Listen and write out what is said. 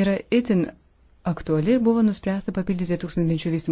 yra itin aktuali ir buvo nuspręsta papildyti tūkstantmečio vystimo